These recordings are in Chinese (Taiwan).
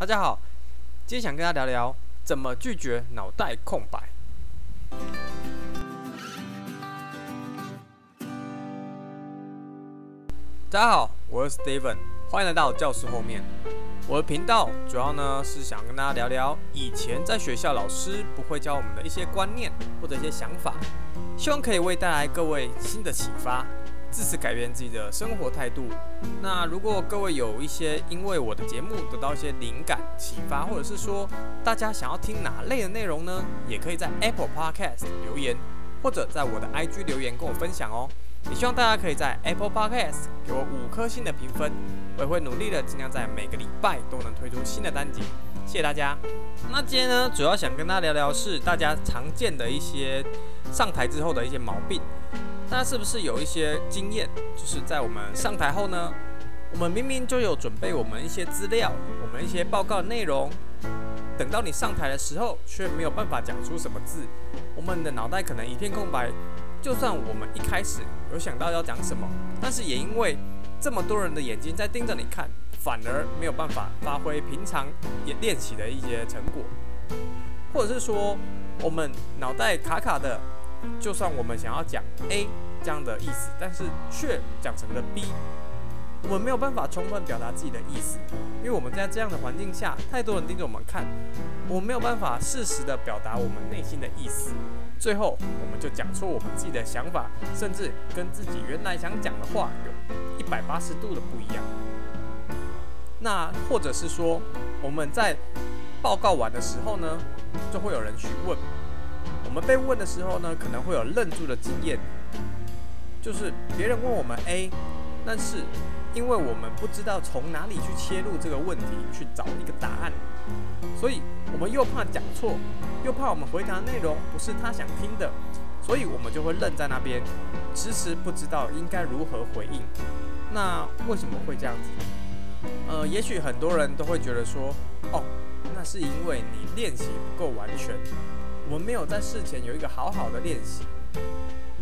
大家好，今天想跟大家聊聊怎麼拒絕腦袋空白。大家好，我是 Steven，歡迎來到教室後面。我的頻道主要呢是想跟大家聊聊以前在學校老師不會教我們的一些觀念或者一些想法，希望可以為帶來各位新的啟發。自此改變自己的生活態度。那如果各位有一些因為我的節目得到一些靈感、啟發，或者是說大家想要聽哪類的內容呢？也可以在 Apple Podcast 留言，或者在我的 IG 留言跟我分享哦。也希望大家可以在 Apple Podcast 給我五顆星的評分，我也會努力的，盡量在每個禮拜都能推出新的單集。謝謝大家。那今天呢，主要想跟大家聊聊是大家常見的一些上台之後的一些毛病。那是不是有一些經驗，就是在我們上台後呢？我們明明就有準備我們一些資料，我們一些報告內容，等到你上台的時候，卻沒有辦法講出什麼字。我們的腦袋可能一片空白，就算我們一開始有想到要講什麼，但是也因為這麼多人的眼睛在盯着你看，反而沒有辦法發揮平常也練習的一些成果，或者是說我們腦袋卡卡的。就算我們想要講 A 這樣的意思，但是卻講成了 B，我們沒有辦法充分表達自己的意思，因為我們在這樣的環境下，太多人盯着我們看，我們沒有辦法適時的表達我們內心的意思，最後我們就講出我們自己的想法，甚至跟自己原來想講的話有一百八十度的不一樣。那或者是說，我們在報告完的時候呢，就會有人詢問。我們被問的時候呢，可能會有愣住的經驗，就是別人問我們 A，但是因為我們不知道從哪裡去切入這個問題，去找一個答案，所以我們又怕講錯，又怕我們回答的內容不是他想聽的，所以我們就會愣在那邊，遲遲不知道應該如何回應。那為什麼會這樣子？呃，也許很多人都會覺得說，哦，那是因為你練習不夠完全。我們沒有在事前有一個好好的練習，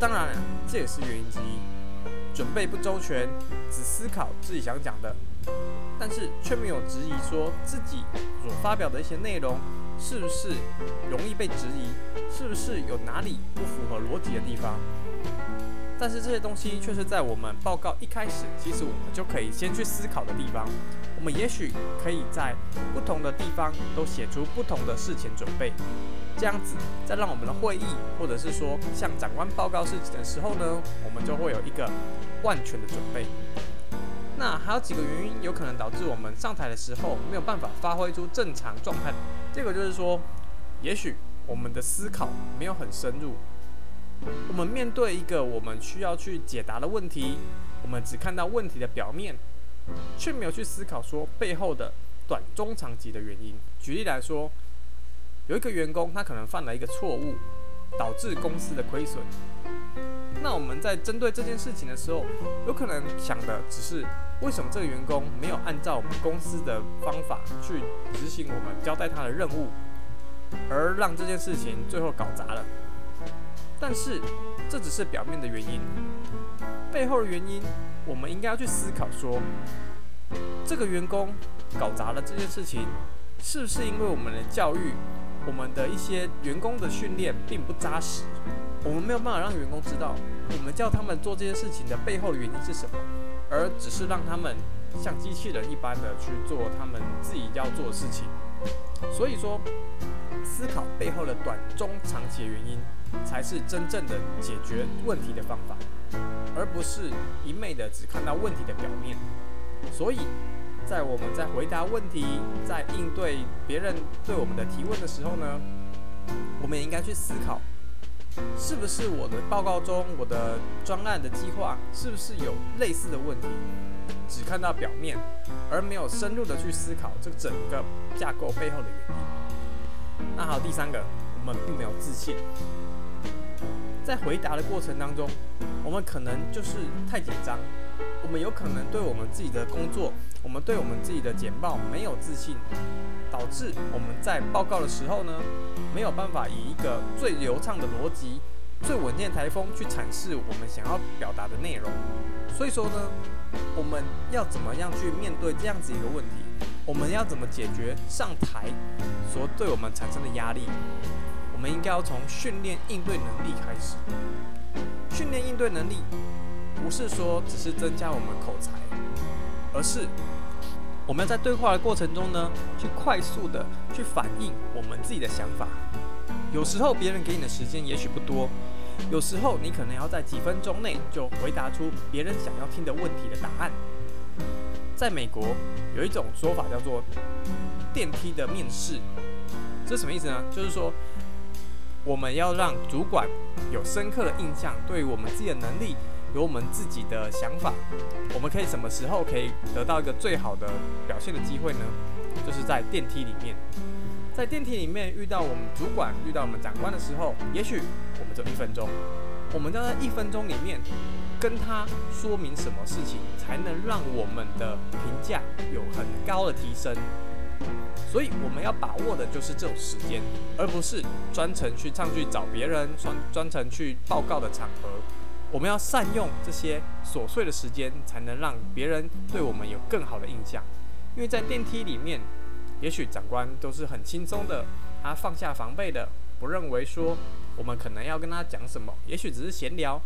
當然這也是原因之一，準備不周全，只思考自己想講的，但是卻沒有質疑說自己所發表的一些內容是不是容易被質疑，是不是有哪裡不符合邏輯的地方。但是這些東西卻是在我們報告一開始，其實我們就可以先去思考的地方，我們也許可以在不同的地方都寫出不同的事前準備。這樣子，在讓我們的會議，或者是說向長官報告事情的時候呢，我們就會有一個萬全的準備。那還有幾個原因，有可能導致我們上台的時候沒有辦法發揮出正常狀態。這個就是說，也許我們的思考沒有很深入。我們面對一個我們需要去解答的問題，我們只看到問題的表面，卻沒有去思考說背後的短、中、長期的原因。舉例來說。有一個員工，他可能犯了一個錯誤，導致公司的虧損。那我們在針對這件事情的時候，有可能想的只是為什麼這個員工沒有按照我們公司的方法去執行我們交代他的任務，而讓這件事情最後搞砸了。但是這只是表面的原因，背後的原因，我們應該要去思考說，這個員工搞砸了這件事情，是不是因為我們的教育？我們的一些員工的訓練並不扎實，我們沒有辦法讓員工知道，我們叫他們做這些事情的背後原因是什麼，而只是讓他們像機器人一般的去做他們自己要做的事情。所以說，思考背後的短、中、長期的原因，才是真正的解決問題的方法，而不是一味的只看到問題的表面。所以。在我們在回答問題，在應對別人對我們的提問的時候呢，我們也應該去思考，是不是我的報告中，我的專案的計劃，是不是有類似的問題，只看到表面，而沒有深入的去思考這整個架構背後的原因。那好，第三個，我們並沒有自信。在回答的過程當中，我們可能就是太緊張。我們有可能對我們自己的工作，我們對我們自己的簡報沒有自信，導致我們在報告的時候呢，沒有辦法以一個最流暢的邏輯、最穩健的台風去闡釋我們想要表達的內容。所以說呢，我們要怎麼樣去面對這樣子一個問題？我們要怎麼解決上台所對我們產生的壓力？我們應該要從訓練應對能力開始，訓練應對能力。不是說只是增加我們口才，而是我們要在對話的過程中呢，去快速的去反映我們自己的想法。有時候別人給你的時間也許不多，有時候你可能要在幾分鐘內就回答出別人想要聽的問題的答案。在美國有一種說法叫做“電梯的面試”，這是什麼意思呢？就是說我們要讓主管有深刻的印象，對於我們自己的能力。有我們自己的想法，我們可以什麼時候可以得到一個最好的表現的機會呢？就是在電梯裡面，在電梯裡面遇到我們主管、遇到我們長官的時候，也許我們就一分鐘，我們要在一分鐘裡面跟他說明什麼事情，才能讓我們的評價有很高的提升。所以我們要把握的就是這種時間，而不是專程去唱、去找別人、專專程去報告的場合。我們要善用這些瑣碎的時間，才能讓別人對我們有更好的印象。因為在電梯裡面，也許長官都是很輕鬆的，他放下防備的，不認為說我們可能要跟他講什麼，也許只是閒聊。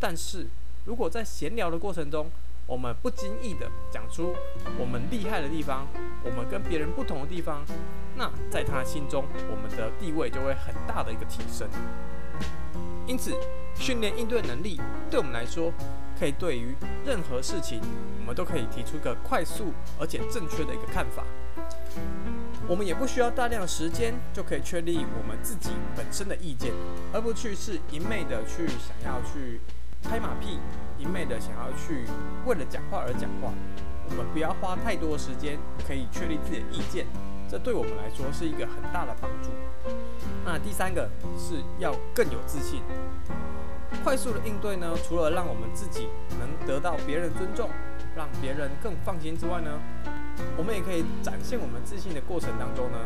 但是，如果在閒聊的過程中，我們不經意的講出我們厲害的地方，我們跟別人不同的地方，那在他心中，我們的地位就會很大的一個提升。因此，訓練應對能力，對我們來說，可以對於任何事情，我們都可以提出個快速而且正確的一個看法。我們也不需要大量的時間，就可以確立我們自己本身的意見，而不去是一昧的去想要去拍馬屁，一昧的想要去為了講話而講話。我們不要花太多的時間，可以確立自己的意見。這對我們來說是一個很大的幫助。那第三個是要更有自信，快速的應對呢，除了讓我們自己能得到別人尊重，讓別人更放心之外呢，我們也可以展現我們自信的過程當中呢，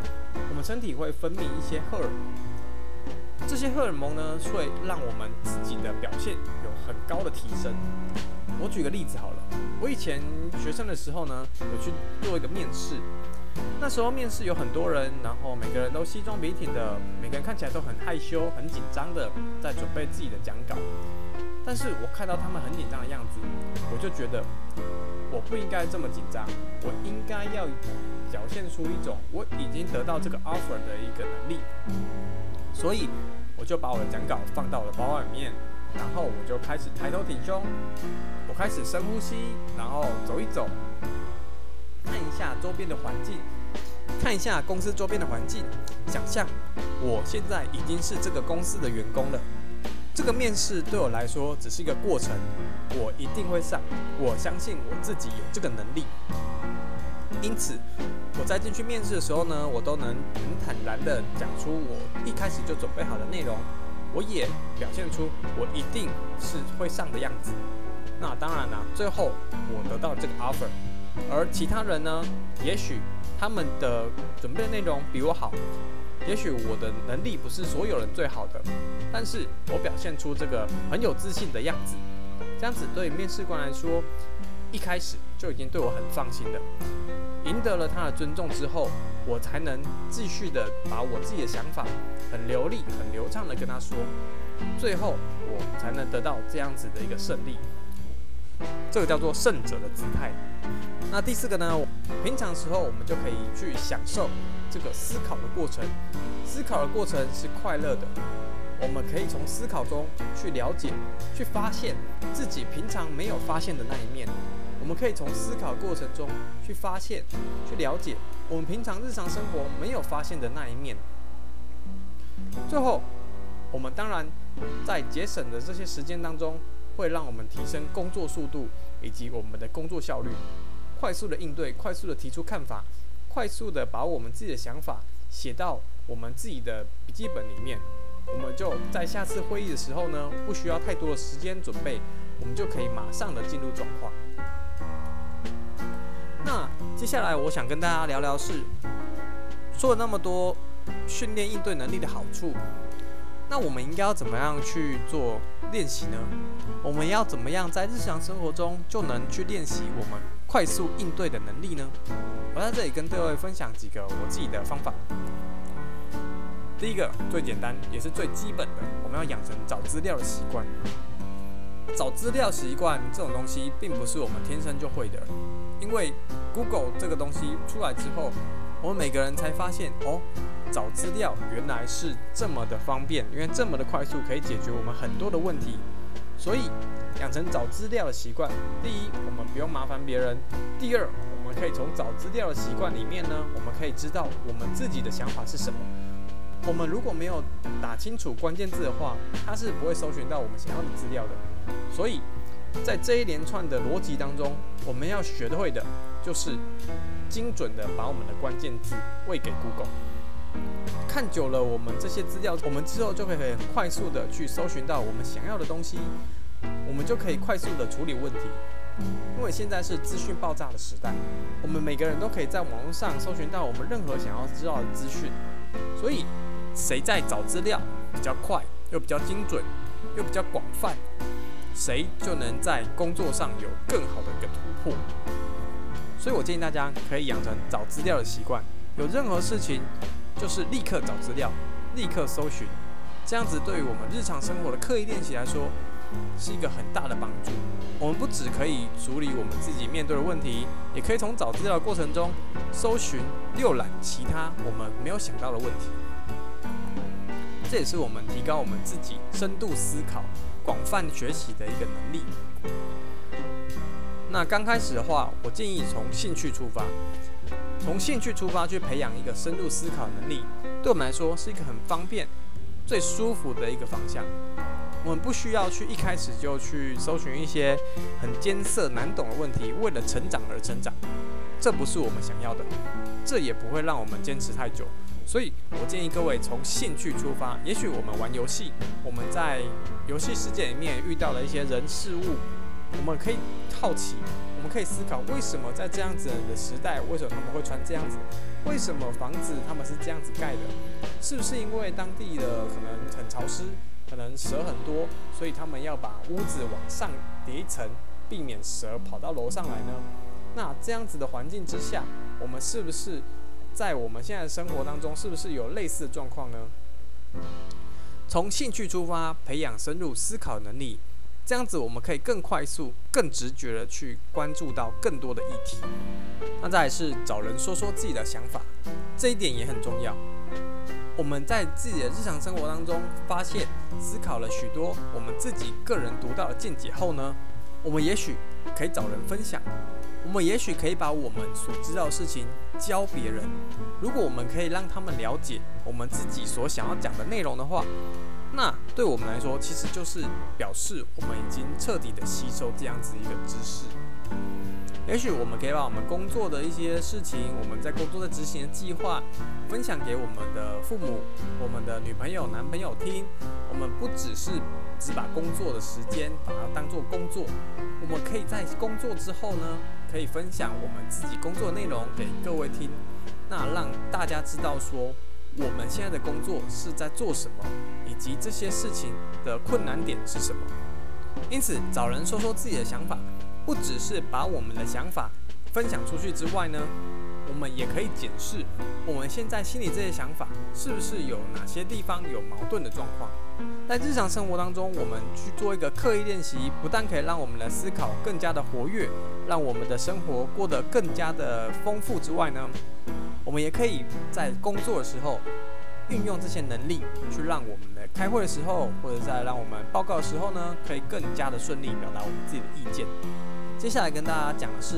我們身體會分泌一些荷爾蒙。這些荷爾蒙呢會讓我們自己的表現有很高的提升。我舉個例子好了，我以前學生的時候呢，有去做一個面試。那時候面試有很多人，然後每個人都西裝筆挺的，每個人看起來都很害羞、很緊張的在準備自己的講稿。但是我看到他們很緊張的樣子，我就覺得我不應該這麼緊張，我應該要表現出一種我已經得到這個 offer 的一個能力。所以我就把我的講稿放到了包裡面，然後我就開始抬頭挺胸，我開始深呼吸，然後走一走。看一下周邊的環境，看一下公司周邊的環境，想象我現在已經是這個公司的員工了。這個面試對我來說只是一個過程，我一定會上，我相信我自己有這個能力。因此，我在進去面試的時候呢，我都能很坦然的講出我一開始就準備好的內容，我也表現出我一定是會上的樣子。那當然啦啊，最後我得到這個 offer。而其他人呢？也許他們的準備的內容比我好，也許我的能力不是所有人最好的，但是我表現出這個很有自信的樣子，這樣子對面試官來說，一開始就已經對我很放心了，贏得了他的尊重之後，我才能繼續的把我自己的想法很流利、很流暢的跟他說，最後我才能得到這樣子的一個勝利。這個叫做勝者的姿態。那第四個呢？平常時候我們就可以去享受這個思考的過程，思考的過程是快樂的。我們可以從思考中去了解、去發現自己平常沒有發現的那一面。我們可以從思考過程中去發現、去了解我們平常日常生活沒有發現的那一面。最後，我們當然在節省的這些時間當中。會讓我們提升工作速度以及我們的工作效率，快速的應對，快速的提出看法，快速的把我們自己的想法寫到我們自己的筆記本裡面。我們就在下次會議的時候呢，不需要太多的時間準備，我們就可以馬上的進入轉化。那接下來我想跟大家聊聊是說了那麼多訓練應對能力的好處。那我們應該要怎麼樣去做練習呢？我們要怎麼樣在日常生活中就能去練習我們快速應對的能力呢？我在這裡跟各位分享幾個我自己的方法。第一個最簡單也是最基本的，我們要養成找資料的習慣。找資料習慣這種東西並不是我們天生就會的，因為 Google 這個東西出來之後，我們每個人才發現哦，找資料原來是這麼的方便，因為這麼的快速可以解決我們很多的問題。所以養成找資料的習慣，第一，我們不用麻煩別人；第二，我們可以從找資料的習慣裡面呢，我們可以知道我們自己的想法是什麼。我們如果沒有打清楚關鍵字的話，它是不會搜尋到我們想要的資料的。所以，在這一連串的邏輯當中，我們要學會的就是。精準的把我們的關鍵字餵給 Google，看久了，我們這些資料，我們之後就可以很快速的去搜尋到我們想要的東西，我們就可以快速的處理問題。因為現在是資訊爆炸的時代，我們每個人都可以在網絡上搜尋到我們任何想要知道的資訊，所以誰在找資料比較快，又比較精準，又比較廣泛，誰就能在工作上有更好的一個突破。所以，我建議大家可以養成找資料的習慣。有任何事情，就是立刻找資料，立刻搜尋。這樣子對於我們日常生活的刻意練習來說，是一個很大的幫助。我們不只可以處理我們自己面對的問題，也可以從找資料的過程中搜尋、瀏覽其他我們沒有想到的問題。這也是我們提高我們自己深度思考、廣泛學習的一個能力。那剛開始的話，我建議從興趣出發，從興趣出發去培養一個深入思考能力，對我們來說是一個很方便、最舒服的一個方向。我們不需要去一開始就去搜尋一些很艱澀難懂的問題，為了成長而成長，這不是我們想要的，這也不會讓我們堅持太久。所以我建議各位從興趣出發。也許我們玩遊戲，我們在遊戲世界裡面遇到了一些人事物。我們可以好奇，我們可以思考，為什麼在這樣子的時代，為什麼他們會穿這樣子？為什麼房子他們是這樣子蓋的？是不是因為當地的可能很潮濕，可能蛇很多，所以他們要把屋子往上疊一層，避免蛇跑到樓上來呢？那這樣子的環境之下，我們是不是在我們現在的生活當中，是不是有類似的狀況呢？從興趣出發，培養深入思考能力。這樣子，我們可以更快速、更直覺的去關注到更多的議題。那再來是找人說說自己的想法，這一點也很重要。我們在自己的日常生活當中發現、思考了許多我們自己個人獨到的見解後呢，我們也許可以找人分享，我們也許可以把我們所知道的事情教別人。如果我們可以讓他們了解我們自己所想要講的內容的話。那對我們來說，其實就是表示我們已經徹底的吸收這樣子一個知識。也許我們可以把我們工作的一些事情，我們在工作的執行的計劃，分享給我們的父母、我們的女朋友、男朋友聽。我們不只是只把工作的時間把它當做工作，我們可以在工作之後呢，可以分享我們自己工作的內容給各位聽。那讓大家知道說，我們現在的工作是在做什麼。及這些事情的困難點是什麼？因此，找人說說自己的想法，不只是把我們的想法分享出去之外呢，我們也可以檢視我們現在心裡這些想法是不是有哪些地方有矛盾的狀況。在日常生活當中，我們去做一個刻意練習，不但可以讓我們的思考更加的活躍，讓我們的生活過得更加的豐富之外呢，我們也可以在工作的時候運用這些能力去讓我們的。開會的時候，或者在讓我們報告的時候呢，可以更加的順利表達我們自己的意見。接下來跟大家講的是，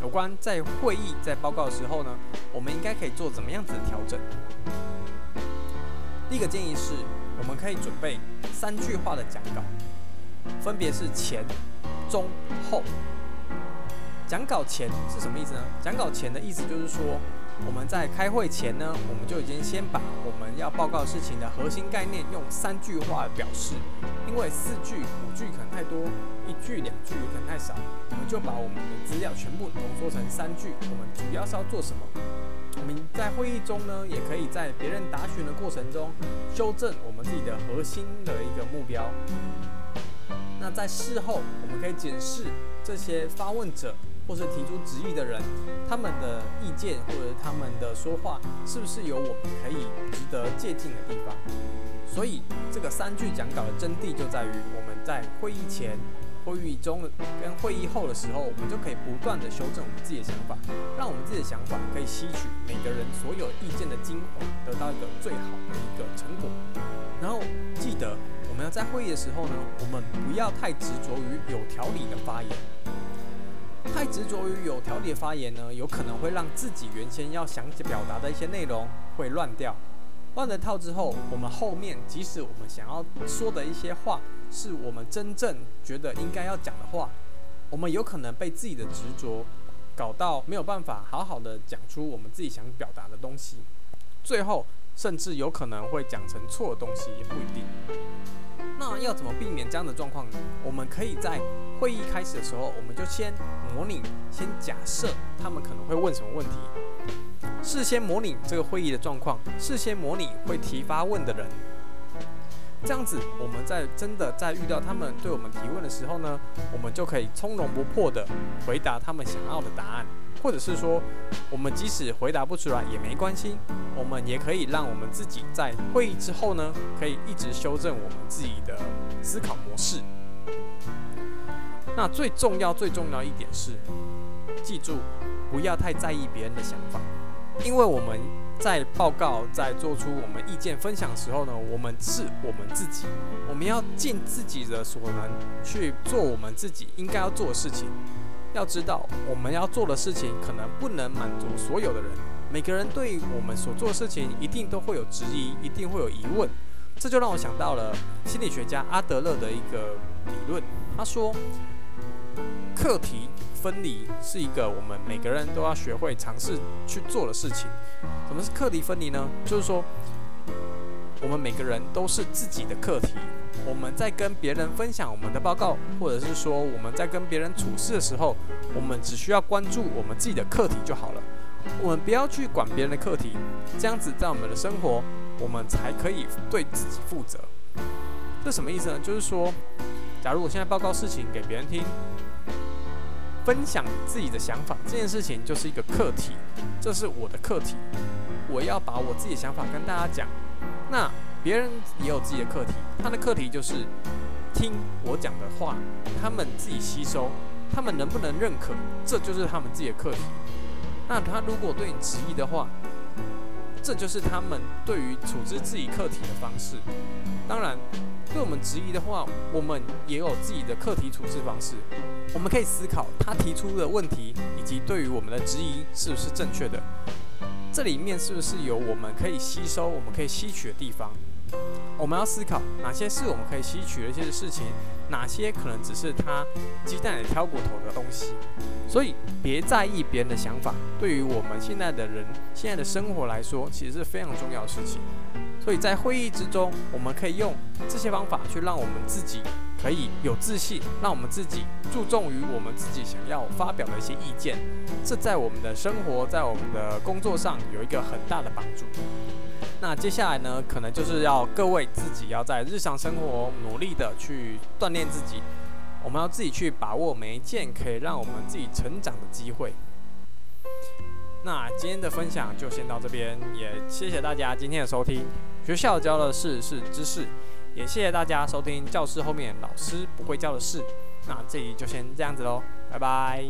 有關在會議在報告的時候呢，我們應該可以做怎麼樣子的調整。第一個建議是，我們可以準備三句話的講稿，分別是前、中、後。講稿前是什麼意思呢？講稿前的意思就是說。我們在開會前呢，我們就已經先把我們要報告事情的核心概念用三句話表示，因為四句、五句可能太多，一句、兩句也可能太少，我們就把我們的資料全部濃縮成三句。我們主要是要做什麼？我們在會議中呢，也可以在別人答詢的過程中修正我們自己的核心的一個目標。那在事後，我們可以檢視這些發問者。或是提出質疑的人，他們的意見或者他們的說話，是不是有我們可以值得借鑑的地方？所以，這個三句講稿的真諦就在於，我們在會議前、會議中跟會議後的時候，我們就可以不斷地修正我們自己的想法，讓我們自己的想法可以吸取每個人所有意見的精華，得到一個最好的一個成果。然後，記得我們要在會議的時候呢，我們不要太執着於有條理的發言。太執着於有條理的發言呢，有可能會讓自己原先要想表達的一些內容會亂掉，亂了套之後，我們後面即使我們想要說的一些話，是我們真正覺得應該要講的話，我們有可能被自己的執着搞到沒有辦法好好的講出我們自己想表達的東西，最後。甚至有可能會講成錯的東西也不一定。那要怎麼避免這樣的狀況呢？我們可以在會議開始的時候，我們就先模擬，先假設他們可能會問什麼問題，事先模擬這個會議的狀況，事先模擬會提發問的人。這樣子，我們在真的在遇到他們對我們提問的時候呢，我們就可以從容不迫的回答他們想要的答案。或者是說，我們即使回答不出來也沒關係，我們也可以讓我們自己在會議之後呢，可以一直修正我們自己的思考模式。那最重要、最重要一點是，記住不要太在意別人的想法，因為我們在報告、在做出我們意見分享的時候呢，我們是我們自己，我們要盡自己的所能去做我們自己應該要做的事情。要知道，我們要做的事情可能不能滿足所有的人。每個人對我們所做的事情，一定都會有質疑，一定會有疑問。這就讓我想到了心理學家阿德勒的一個理論。他說，課題分離是一個我們每個人都要學會嘗試去做的事情。什麼是課題分離呢？就是說，我們每個人都是自己的課題。我們在跟別人分享我們的報告，或者是說我們在跟別人處事的時候，我們只需要關注我們自己的課題就好了。我們不要去管別人的課題，這樣子在我們的生活，我們才可以對自己負責。這什麼意思呢？就是說，假如我現在報告事情給別人聽，分享自己的想法這件事情就是一個課題，這是我的課題，我要把我自己的想法跟大家講。那別人也有自己的課題，他的課題就是聽我講的話，他們自己吸收，他們能不能認可，這就是他們自己的課題。那他如果對你質疑的話，這就是他們對於處置自己課題的方式。當然，對我們質疑的話，我們也有自己的課題處置方式。我們可以思考他提出的問題，以及對於我們的質疑是不是正確的，這裡面是不是有我們可以吸收、我們可以吸取的地方？我們要思考哪些是我們可以吸取的一些事情，哪些可能只是他雞蛋裡挑骨頭的東西。所以別在意別人的想法，對於我們現在的人、現在的生活來說，其實是非常重要的事情。所以在會議之中，我們可以用這些方法去讓我們自己可以有自信，讓我們自己注重於我們自己想要發表的一些意見，這在我們的生活、在我們的工作上有一個很大的幫助。那接下來呢，可能就是要各位自己要在日常生活努力的去鍛鍊自己，我們要自己去把握每一件可以讓我們自己成長的機會。那今天的分享就先到這邊，也謝謝大家今天的收聽。學校教的事是知識，也謝謝大家收聽教室後面老師不會教的事。那這裡就先這樣子嘍，拜拜。